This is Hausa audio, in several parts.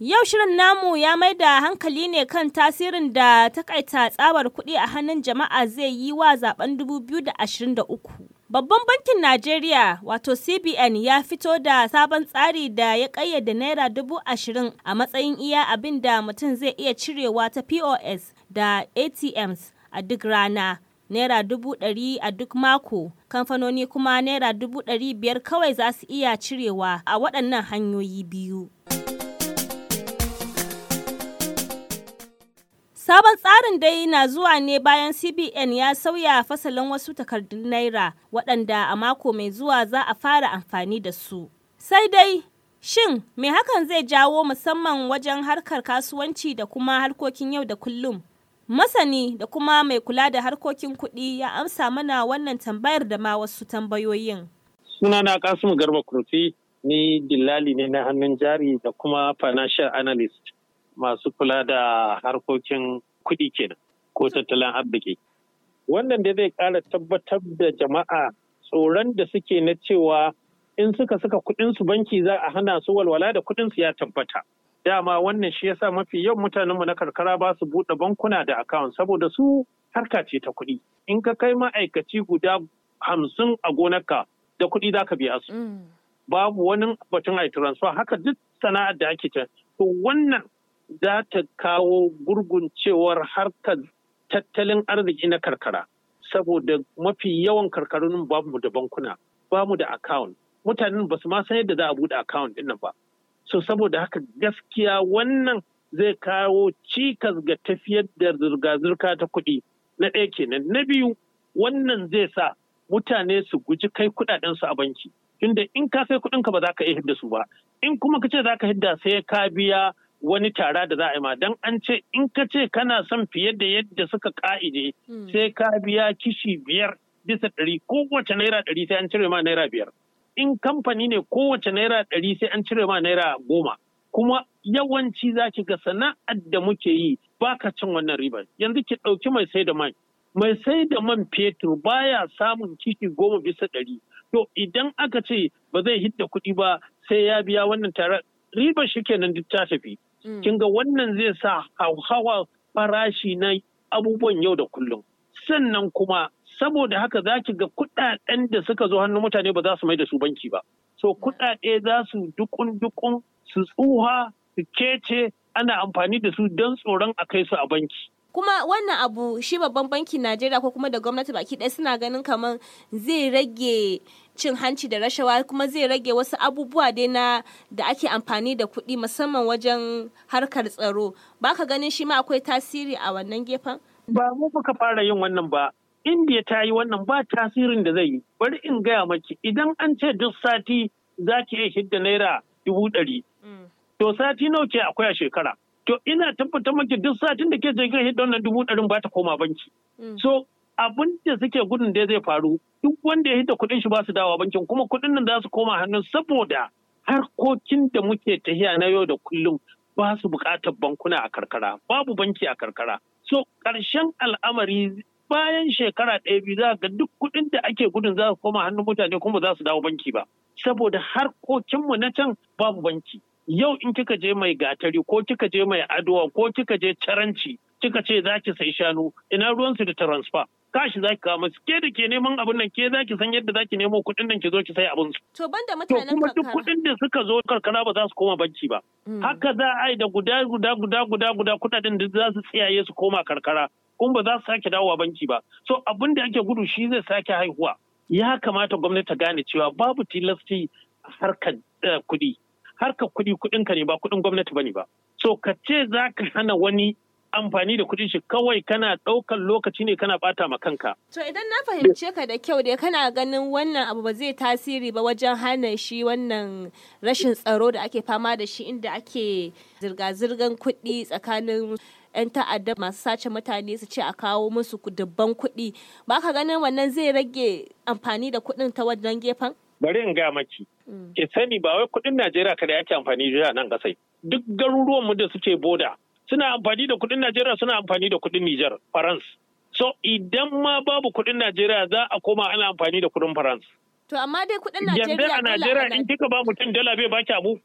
Yau shirin namu ya mai da hankali ne kan tasirin da takaita tsabar kuɗi a hannun jama'a zai yi wa zaben 2023. Babban bankin Najeriya wato CBN ya fito da sabon tsari da ya ƙayyade naira dubu ashirin a matsayin iya abin da mutum zai iya cirewa ta POS da ATMs a duk rana. Naira dubu ɗari a duk mako, kamfanoni kuma naira dubu ɗari biyar kawai za su iya cirewa a waɗannan hanyoyi biyu. Sabon tsarin dai na zuwa ne bayan CBN ya sauya fasalin wasu takardun Naira waɗanda a mako mai zuwa za a fara amfani da su. Sai dai, shin me hakan zai jawo musamman wajen harkar kasuwanci da kuma harkokin yau da kullum? Masani da kuma mai kula da harkokin kuɗi ya amsa mana wannan tambayar da ma wasu tambayoyin. Sunana Kasimu Garba Kurfi, ni dillali ne na hannun jari da kuma financial analyst. masu kula da harkokin kuɗi kenan ko tattalin arziki. Wannan da zai ƙara tabbatar da jama'a tsoron da suke na cewa in suka suka kuɗinsu banki za a hana su walwala da kuɗinsu ya tabbata. Dama wannan shi yasa mafi yawan mutanenmu na karkara ba su buɗe bankuna da akawun saboda su harka ce ta kuɗi. In ka kai ma'aikaci guda hamsin a gonarka da kuɗi za ka biya su. Mm. Babu wani batun ai transfer haka duk sana'ar da ake can. To wannan za ta kawo gurguncewar harkar tattalin arziki na karkara saboda mafi yawan karkarun bamu da bankuna bamu da account mutanen ba su ma san yadda za a buɗe account din nan ba so saboda haka gaskiya wannan zai kawo cikas ga tafiyar da zirga-zirga ta kuɗi na ɗaya kenan na biyu wannan zai sa mutane su guji kai kuɗaɗensu a banki tunda in ka kai kuɗinka ba za ka iya hidda su ba in kuma ka ce za ka hidda sai ka biya wani tara da za a yi ma don an ce in ka ce kana son fiye da yadda suka ka'ide hmm. sai ka biya kishi biyar bisa ɗari kowace naira ɗari sai an cire ma naira biyar in kamfani ne kowace naira ɗari sai an cire ma naira goma kuma yawanci za ki ga sana'ar da muke yi ba ka cin wannan riba yanzu ki ɗauki mai sai da man mai sai da man fetur baya samun kishi goma bisa ɗari to idan aka ce ba zai hidda kuɗi ba sai ya biya wannan tara. riba shi kenan duk ta tafi mm. kin ga wannan zai sa hauhawa farashi na abubuwan yau da kullum sannan kuma saboda haka za ki ga kuɗaɗen da suka zo hannun mutane ba za su mai da su banki ba so kuɗaɗe za su dukun dukun su tsuha su kece ana amfani da su don tsoron a kai su a banki kuma wannan abu shi babban bankin najeriya ko kuma da gwamnati baki ɗaya suna ganin kamar zai rage cin hanci da rashawa kuma zai rage wasu abubuwa dai na da ake amfani da kuɗi musamman wajen harkar tsaro baka ganin shi ma akwai tasiri a wannan gefen ba mu muka fara yin wannan ba indiya ta yi wannan ba tasirin da zai yi bari in gaya maki idan an ce duk sati za ki iya hidda naira dubu ɗari mm. to sati nawa ke akwai a shekara to ina tabbatar maki duk satin da ke je kan hidda wannan dubu ɗarin ba ta koma banki. Mm. So abin da suke gudun da zai faru duk wanda ya hidda kuɗin shi ba su dawa bankin kuma kuɗin nan za su koma hannun saboda harkokin da muke tahiya na yau da kullum ba su buƙatar bankuna a karkara babu banki a karkara. So ƙarshen al'amari bayan shekara ɗaya biyu za ga duk kuɗin da ake gudun za su koma hannun mutane kuma za su dawo banki ba. Saboda harkokinmu na can babu banki. yau in kika je mai gatari ko kika je mai adowa ko kika je caranci kika ce za ki sai shanu ina ruwansu da transfer kashi za ki kawo ke da ke neman abin nan ke za ki san yadda za ki nemo kuɗin nan ki zo ki sai abin su. To banda mutanen kuma duk kuɗin da suka zo karkara ba za su koma banki ba. Mm. Haka za a yi da guda guda guda guda guda kuɗaɗen da za su tsiyaye su koma karkara kuma ba za su sake dawowa banki ba. So abin da ake gudu shi zai sake haihuwa. Ya kamata gwamnati ta gane cewa babu tilasti harkar eh, kuɗi. harkar kuɗi ka ne ba kuɗin gwamnati ba ne ba so ka ce za ka hana wani amfani da kuɗin shi kawai kana ɗaukar lokaci ne kana ɓata ma kanka. To idan na fahimce ka da kyau dai kana ganin wannan abu ba zai tasiri ba wajen hana shi wannan rashin tsaro da ake fama da shi inda ake zirga-zirgan kuɗi tsakanin 'yan ta'adda masu sace mutane su ce a kawo musu dubban kuɗi. Ba ka ganin wannan zai rage amfani da kuɗin ta wajen gefen? Bari in gaya maki. Ke sani ba wai kudin Najeriya kada yake amfani da nan kasai. Duk garuruwan mu da suke boda suna amfani da kudin Najeriya suna amfani da kudin Nijar, France. So idan ma babu kudin Najeriya za a koma ana amfani da kudin France. To amma dai kudin Najeriya Yanzu a Najeriya in kika ba mutum dala bai baki abu.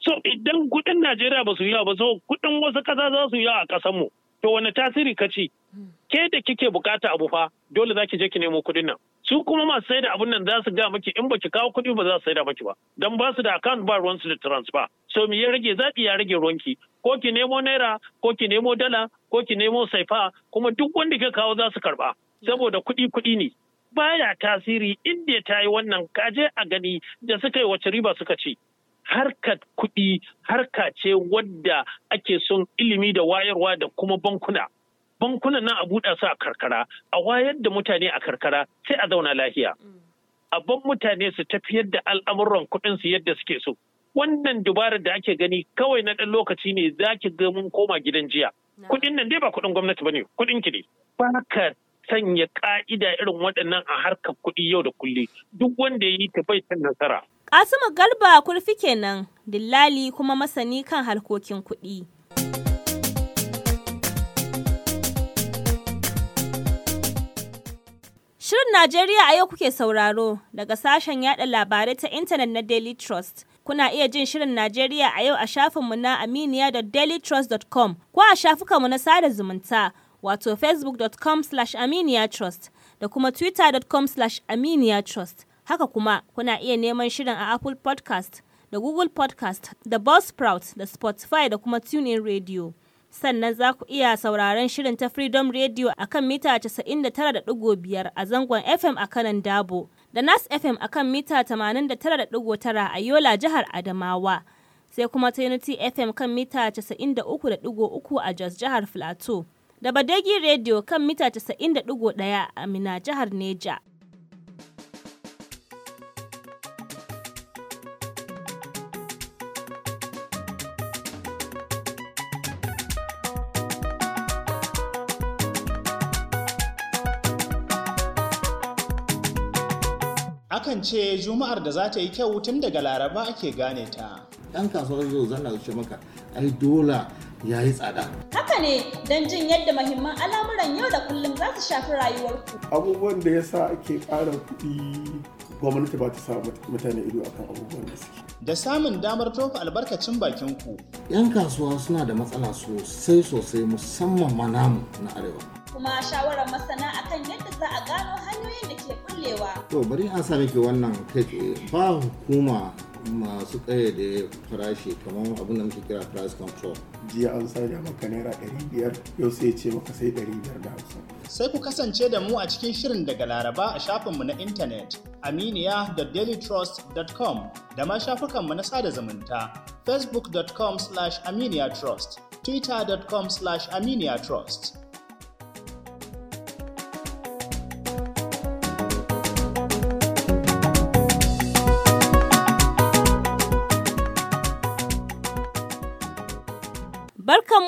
So idan kudin Najeriya ba su yi ba so kudin wasu ƙasa za su yi a kasan mu. To wani tasiri kace hmm. Ke da kike bukata abu fa dole za ki je ki nemo kudin nan. su kuma masu sai da abin nan za su ga maki in baki kawo kuɗi ba za su sai da maki ba dan ba su da account ba ruwan su da transfer so me ya rage zaɓi ya rage ruwanki ko ki nemo naira ko ki nemo dala ko ki nemo saifa kuma duk wanda ka kawo za su karba. saboda kuɗi kuɗi ne baya tasiri inda ya yi wannan kaje a gani da suka yi wace riba suka ci harkar kuɗi harka ce wadda ake son ilimi da wayarwa da kuma bankuna bankunan nan a buɗa su a karkara a wayar da mutane a karkara sai a zauna lafiya a ban mutane su tafiyar da al'amuran kuɗin su yadda suke so wannan dubarar da ake gani kawai na ɗan lokaci ne za ki ga mun koma gidan jiya kuɗin nan dai ba kuɗin gwamnati ne kuɗin ki ne ba ka sanya ƙa'ida irin waɗannan a harkar kuɗi yau da kulle duk wanda ya yi ta bai ta nasara Kasimu Galba kurfi kenan, dillali kuma masani kan harkokin kuɗi. Shirin Najeriya a yau kuke sauraro daga sashen yada labarai ta intanet na Daily Trust. Kuna iya jin Shirin Najeriya a yau a shafinmu na aminiya.dailytrust.com ko a mu na sada zumunta wato facebook.com slash aminiyatrust da kuma twitter.com slash aminiyatrust. Haka kuma kuna iya neman shirin a Apple podcast da Google podcast da Buzzsprout da Spotify da kuma TuneIn Radio. sannan za ku iya sauraron shirin ta Freedom Radio a kan mita 99.5 a zangon FM a kanan Dabo, da Nas FM a kan mita 89.9 a Yola jihar Adamawa, sai kuma ta Unity FM kan mita 93.3 a Jos jihar Filato, da Badegi Radio kan mita 91 a Mina jihar Neja. akan ce juma'ar da za ta yi kyau tun daga laraba ake gane ta Yan kasuwar zo zanna ce maka ai dola ya yi tsada haka ne don jin yadda mahimman al'amuran yau da kullum za su shafi rayuwarku abubuwan da ya sa ake ƙara kuɗi gwamnati ba ta sa mutane ido akan abubuwan da suke da samun damar tofa albarkacin bakin ku yan kasuwa suna da matsala sosai sosai musamman ma namu na arewa kuma shawarar masana akan yadda za a gano hanyoyin da ke kullewa. To bari an sami ki wannan kai ba hukuma masu da farashi kamar abin da muke kira price control. Jiya an sanya maka naira ɗari biyar yau sai ce maka sai ɗari biyar da hamsin. Sai ku kasance da mu a cikin shirin daga Laraba a shafinmu na intanet aminiya.dailytrust.com da ma shafukanmu na sada zumunta facebook.com/aminiya trust twitter.com/aminiya trust.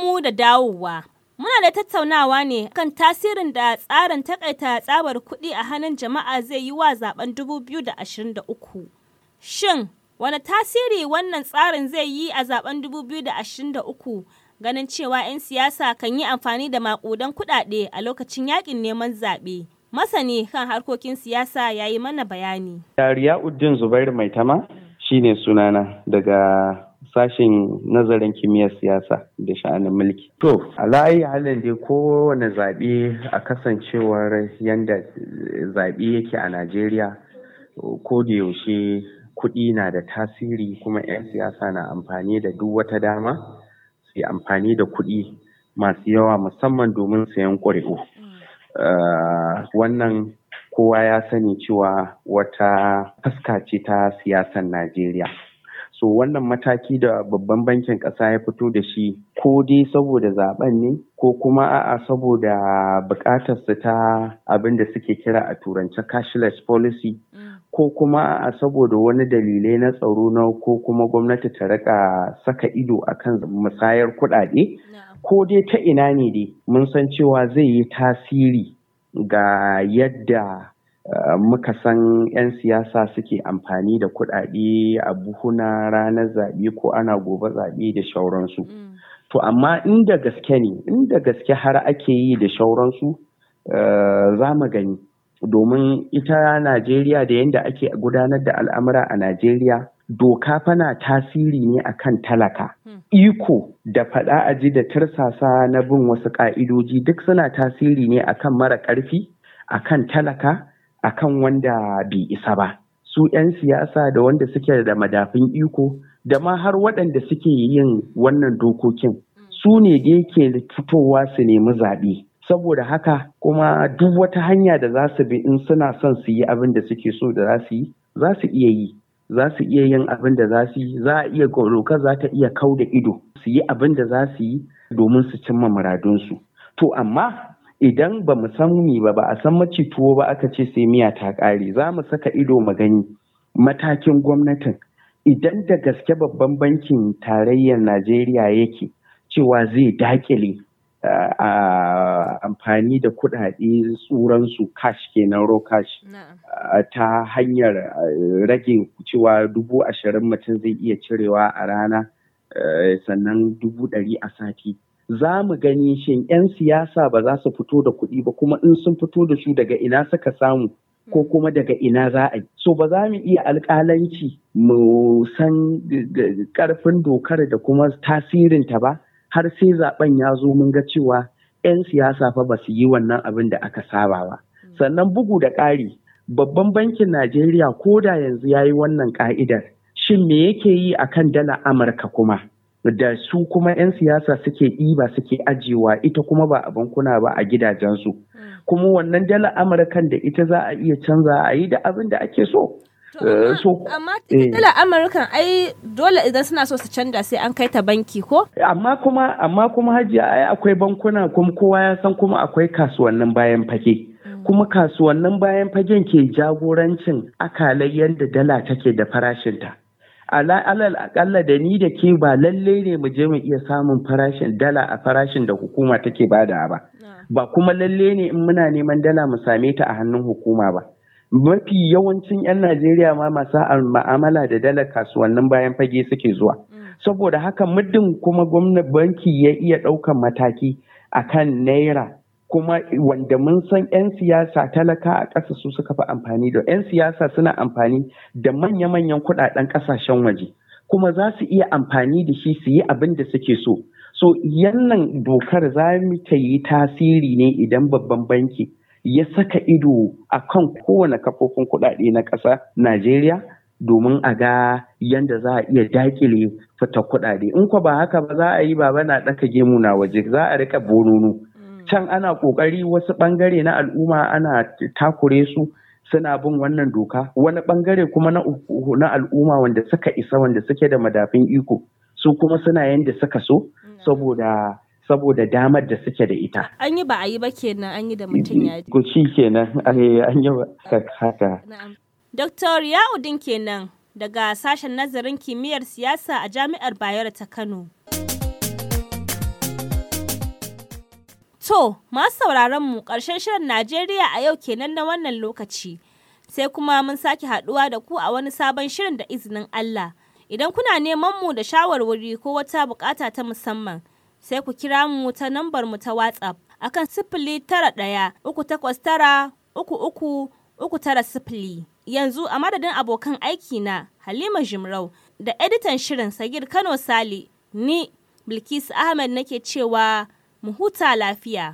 mu da dawowa. Muna da tattaunawa ne kan tasirin da tsarin takaita tsabar kuɗi a hannun jama'a zai yi wa zaben 2023. Shin, wani tasiri wannan tsarin zai yi a zaben 2023 ganin cewa 'yan siyasa kan yi amfani da maƙudan kuɗaɗe a lokacin yaƙin neman zaɓe? Masani kan harkokin siyasa ya yi mana bayani. Dariya Uddin Zubairu Maitama shine sunana daga sashen nazarin kimiyyar siyasa da sha'anin mulki. To, a layi halin dai kowane zaɓe a kasancewar yadda zaɓe yake a Najeriya ko da yaushe kuɗi na da tasiri kuma 'yan siyasa na amfani da duk wata dama su amfani da kuɗi masu yawa musamman domin sayan ƙuri'u. Ah, wannan kowa ya sani cewa wata fuska ce ta siyasar Najeriya. so wannan mataki da babban bankin ƙasa ya fito da shi ko dai saboda zaɓen ne ko kuma a'a saboda buƙatar su ta abin da suke kira a turance cashless policy mm. ko kuma a'a saboda wani dalilai na tsaro na ko kuma gwamnati ta rika saka ido a kan musayar kuɗaɗe ko dai ta ina ne dai mun san cewa zai yi tasiri ga yadda muka san 'yan siyasa suke amfani da kuɗaɗe a buhuna ranar zaɓe ko ana gobe zaɓe da shauransu. Mm. To amma inda gaske ne, inda gaske har ake yi da shauransu eh, za mu gani. Domin ita Najeriya da yadda ake gudanar da al'amura a Najeriya, doka fana tasiri ne akan talaka. Mm. Iko da faɗa ji da tarsasa na bin wasu ƙa'idoji duk suna tasiri ne akan mara ƙarfi, akan talaka. a kan wanda bai isa ba su 'yan siyasa da wanda suke da madafin iko da ma har waɗanda suke yin wannan dokokin su ne da yake fitowa su nemi zaɓe saboda haka kuma duk wata hanya da za su bi in suna son su yi abin da suke so da za su yi za su iya yi za su iya yin abin da za su yi za a iya goroka za ta iya kau da ido su yi abin da za su yi domin su cimma muradunsu to amma idan ba mu san mi ba ba a san maci tuwo ba aka ce sai miya ta ƙare za mu saka ido mu gani matakin gwamnatin idan da gaske babban bankin tarayyar najeriya yake cewa zai dakile amfani da kudade tsuransu cash kenan raw cash ta hanyar rage cewa dubu ashirin mutum zai iya cirewa a rana eh, sannan dubu ɗari a sati za mu gani shin 'yan siyasa ba za su fito da kuɗi ba kuma in sun fito da su daga ina suka samu ko hmm. kuma daga ina za a yi. So ba za mu iya alƙalanci mu san ƙarfin dokar da kuma tasirin ta ba har sai zaɓen ya zo mun ga cewa 'yan siyasa fa ba su yi wannan abin da aka saba ba. Hmm. Sannan bugu da ƙari babban bankin Najeriya ko da yanzu ya yi wannan ka'idar shin me yake yi akan dala Amurka kuma? da su kuma 'yan siyasa suke ɗiba suke ajiyewa ita kuma ba a bankuna ba a gidajensu hmm. kuma wannan dala amurkan da ita za a iya canza a yi da abin da ake so amma eh, eh. dala amurkan ai dole idan suna so su canza sai an kai ta banki ko amma kuma amma hajiya ai akwai bankuna kuma kowa ya san kuma akwai kasuwannin bayan fage hmm. kuma kasuwannin bayan fagen ke jagorancin akalai yadda dala take da farashinta Allah akalla da ni da ke ba lalle ne mu je mu iya samun farashin dala a farashin da hukuma take bada ba ba kuma lalle ne in muna neman dala mu same ta a hannun hukuma ba mafi yawancin 'yan najeriya ma masu ma'amala da dala kasuwannin bayan fage suke zuwa mm. saboda haka muddin kuma gwamnati banki ya iya ɗaukan mataki akan naira kuma wanda mun san 'yan siyasa talaka a ƙasa su suka fi amfani da 'yan siyasa suna amfani da manya-manyan kuɗaɗen ƙasashen waje kuma za su iya amfani da shi su yi abin da suke so so yannan dokar za mu ta yi tasiri ne idan babban banki ya saka ido a kan kowane kafofin kuɗaɗe na ƙasa najeriya domin a ga yadda za a iya dakile fita kuɗaɗe in ko ba haka ba za a yi baba na ɗaka gemu na waje za a rika bononu can ana kokari wasu bangare na al'umma ana takure su suna bin wannan doka wani bangare kuma na, na al'umma wanda suka isa wanda suke da madafin iko su kuma suna yanda suka so mm. saboda saboda damar da suke da ita. An yi ba a yi ba kenan an yi da mutum ya ji. shi kenan an yi ba haka. Dr. Yaudin kenan daga sashen nazarin kimiyyar siyasa a Jami'ar Bayero ta Kano. To, masu sauraron mu ƙarshen shirin Najeriya a yau kenan na wannan lokaci. Sai kuma mun sake haɗuwa da ku a wani sabon shirin da izinin Allah. Idan kuna neman mu da shawarwari ko wata bukata ta musamman, sai ku kira mu ta nambar mu ta WhatsApp akan sifili tara ɗaya uku takwas tara uku uku uku tara sifili. Yanzu a madadin abokan aiki na Halima Jimrau da editan shirin Sagir Kano Sali ni Bilkisu Ahmed nake cewa mu huta lafiya.